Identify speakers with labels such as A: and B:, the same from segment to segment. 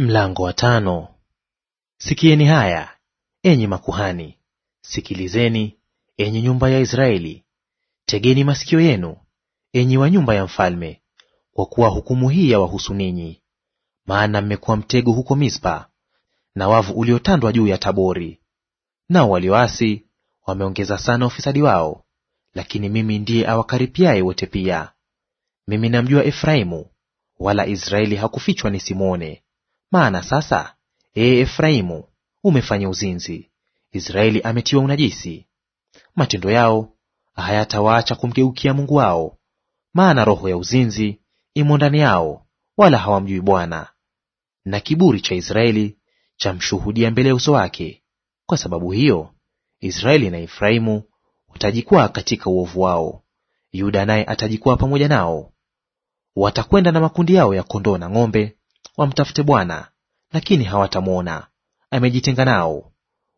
A: Mlango wa tano. Sikieni haya enyi makuhani, sikilizeni enyi nyumba ya Israeli, tegeni masikio yenu enyi wa nyumba ya mfalme, kwa kuwa hukumu hii yawahusu ninyi. Maana mmekuwa mtego huko Mispa, na wavu uliotandwa juu ya Tabori. Nao walioasi wameongeza sana ufisadi wao, lakini mimi ndiye awakaripiaye wote pia. Mimi namjua Efraimu, wala Israeli hakufichwa nisimwone. Maana sasa, ee Efraimu, umefanya uzinzi, Israeli ametiwa unajisi. Matendo yao hayatawaacha kumgeukia Mungu wao, maana roho ya uzinzi imo ndani yao, wala hawamjui Bwana. Na kiburi cha Israeli chamshuhudia mbele ya uso wake. Kwa sababu hiyo Israeli na Efraimu watajikwaa katika uovu wao, Yuda naye atajikwaa pamoja nao. Watakwenda na makundi yao ya kondoo na ng'ombe Wamtafute Bwana, lakini hawatamwona; amejitenga nao.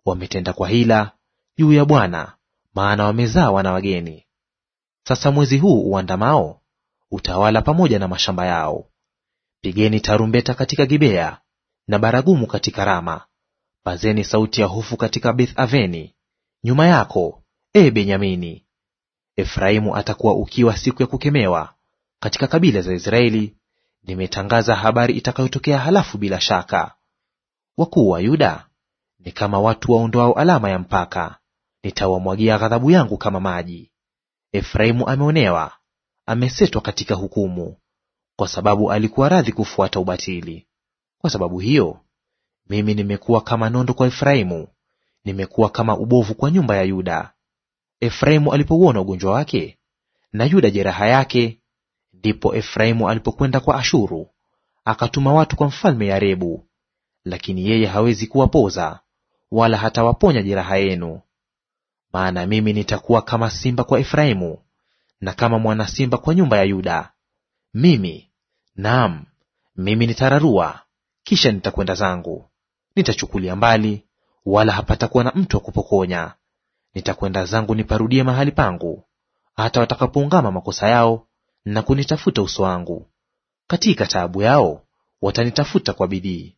A: Wametenda kwa hila juu ya Bwana, maana wamezaa wana wageni. Sasa mwezi huu uandamao utawala pamoja na mashamba yao. Pigeni tarumbeta katika Gibea na baragumu katika Rama. Pazeni sauti ya hofu katika Beth Aveni. Nyuma yako, e Benyamini. Efraimu atakuwa ukiwa siku ya kukemewa, katika kabila za Israeli nimetangaza habari itakayotokea halafu bila shaka. Wakuu wa Yuda ni kama watu waondoao alama ya mpaka, nitawamwagia ghadhabu yangu kama maji. Efraimu ameonewa, amesetwa katika hukumu, kwa sababu alikuwa radhi kufuata ubatili. Kwa sababu hiyo mimi nimekuwa kama nondo kwa Efraimu, nimekuwa kama ubovu kwa nyumba ya Yuda. Efraimu alipouona ugonjwa wake na Yuda jeraha yake, Ndipo Efraimu alipokwenda kwa Ashuru, akatuma watu kwa mfalme Yarebu, lakini yeye hawezi kuwapoza wala hatawaponya jeraha yenu. Maana mimi nitakuwa kama simba kwa Efraimu na kama mwana simba kwa nyumba ya Yuda. Mimi naam, mimi nitararua, kisha nitakwenda zangu; nitachukulia mbali, wala hapatakuwa na mtu wa kupokonya. Nitakwenda zangu niparudie mahali pangu, hata watakapoungama makosa yao na kunitafuta uso wangu; katika taabu yao watanitafuta kwa bidii.